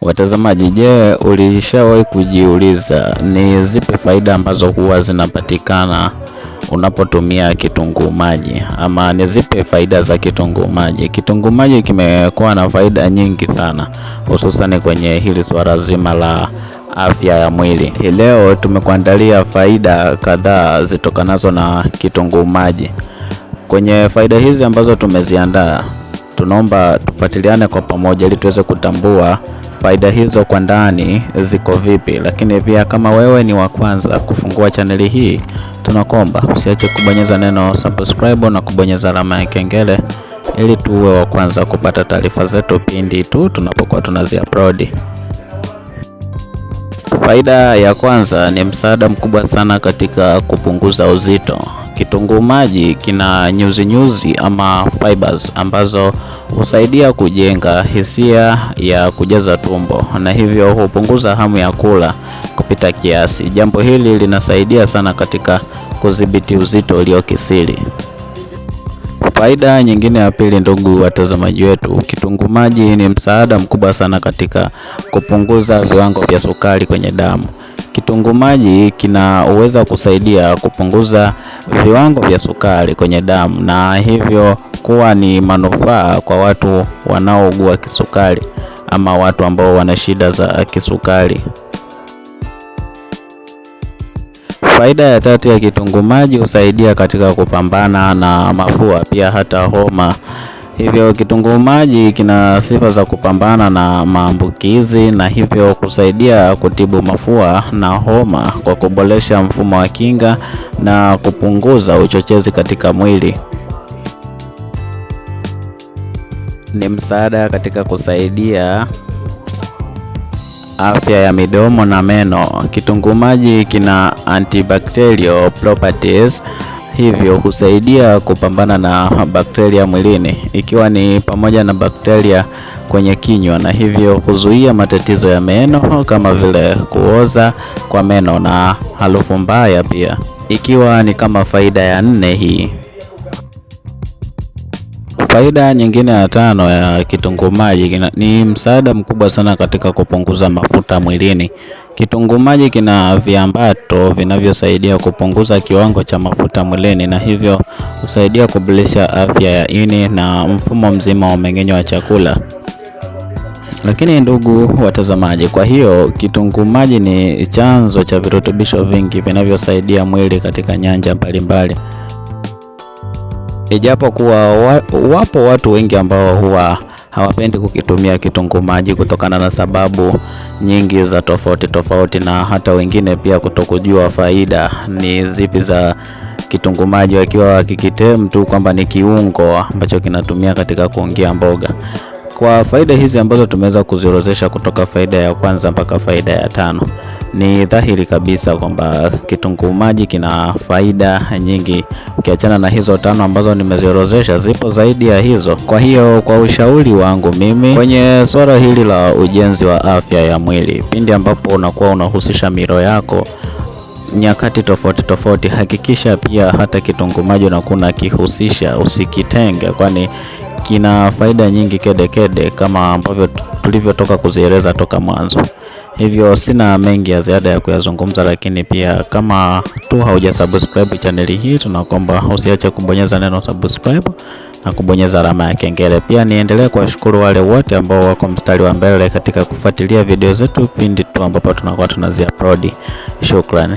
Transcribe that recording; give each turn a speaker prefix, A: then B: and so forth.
A: Watazamaji, je, ulishawahi kujiuliza ni zipi faida ambazo huwa zinapatikana unapotumia kitunguu maji ama ni zipi faida za kitunguu maji? Kitunguu maji kimekuwa na faida nyingi sana, hususani kwenye hili swala zima la afya ya mwili. Hii leo tumekuandalia faida kadhaa zitokanazo na kitunguu maji. Kwenye faida hizi ambazo tumeziandaa, tunaomba tufuatiliane kwa pamoja ili tuweze kutambua faida hizo kwa ndani ziko vipi, lakini pia kama wewe ni wa kwanza kufungua chaneli hii, tunakomba usiache kubonyeza neno subscribe na kubonyeza alama ya kengele ili tuwe wa kwanza kupata taarifa zetu pindi tu tunapokuwa tunazi upload. Faida ya kwanza ni msaada mkubwa sana katika kupunguza uzito. Kitunguu maji kina nyuzi nyuzi ama fibers ambazo husaidia kujenga hisia ya kujaza tumbo na hivyo hupunguza hamu ya kula kupita kiasi. Jambo hili linasaidia sana katika kudhibiti uzito uliokithiri. Faida nyingine ya pili, ndugu watazamaji wetu, kitunguu maji ni msaada mkubwa sana katika kupunguza viwango vya sukari kwenye damu. Kitunguu maji kinaweza kusaidia kupunguza viwango vya sukari kwenye damu na hivyo kuwa ni manufaa kwa watu wanaougua kisukari ama watu ambao wana shida za kisukari. Faida ya tatu ya kitunguu maji husaidia katika kupambana na mafua, pia hata homa. Hivyo kitunguu maji kina sifa za kupambana na maambukizi na hivyo kusaidia kutibu mafua na homa kwa kuboresha mfumo wa kinga na kupunguza uchochezi katika mwili. Ni msaada katika kusaidia afya ya midomo na meno. Kitunguu maji kina antibacterial properties, hivyo husaidia kupambana na bakteria mwilini, ikiwa ni pamoja na bakteria kwenye kinywa, na hivyo huzuia matatizo ya meno kama vile kuoza kwa meno na harufu mbaya, pia ikiwa ni kama faida ya nne hii. Faida nyingine ya tano ya kitunguu maji ni msaada mkubwa sana katika kupunguza mafuta mwilini. Kitunguu maji kina viambato vinavyosaidia kupunguza kiwango cha mafuta mwilini na hivyo husaidia kuboresha afya ya ini na mfumo mzima wa mmeng'enyo wa chakula. Lakini ndugu watazamaji, kwa hiyo kitunguu maji ni chanzo cha virutubisho vingi vinavyosaidia mwili katika nyanja mbalimbali ijapo kuwa wapo watu wengi ambao huwa hawapendi kukitumia kitunguu maji kutokana na sababu nyingi za tofauti tofauti, na hata wengine pia kutokujua faida ni zipi za kitunguu maji, wakiwa wakikitem tu kwamba ni kiungo ambacho kinatumia katika kuongea mboga. Kwa faida hizi ambazo tumeweza kuziorozesha kutoka faida ya kwanza mpaka faida ya tano. Ni dhahiri kabisa kwamba kitunguu maji kina faida nyingi, ukiachana na hizo tano ambazo nimeziorozesha, zipo zaidi ya hizo. Kwa hiyo, kwa ushauri wangu mimi kwenye swala hili la ujenzi wa afya ya mwili, pindi ambapo unakuwa unahusisha miro yako nyakati tofauti tofauti, hakikisha pia hata kitunguu maji unakuwa unakihusisha, usikitenge, kwani kina faida nyingi kedekede kede, kama ambavyo tulivyotoka kuzieleza toka mwanzo. Hivyo sina mengi ya ziada ya kuyazungumza, lakini pia kama tu hauja subscribe chaneli hii, tunakuomba usiache kubonyeza neno subscribe na kubonyeza alama ya kengele. Pia niendelee kuwashukuru wale wote ambao wako mstari wa mbele katika kufuatilia video zetu pindi tu ambapo tunakuwa tunazi upload. Shukrani.